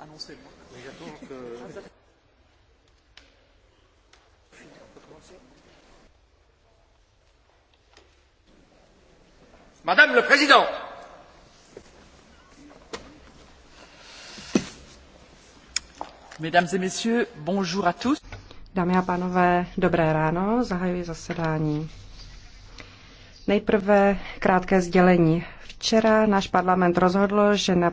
annoncé. Moi. Mais j'attends que... Madame le Président, Mesdames et messieurs, bonjour à tous. Dámy a pánové, dobré ráno, zahajuji zasedání. Nejprve krátké sdělení. Včera náš parlament rozhodl, že na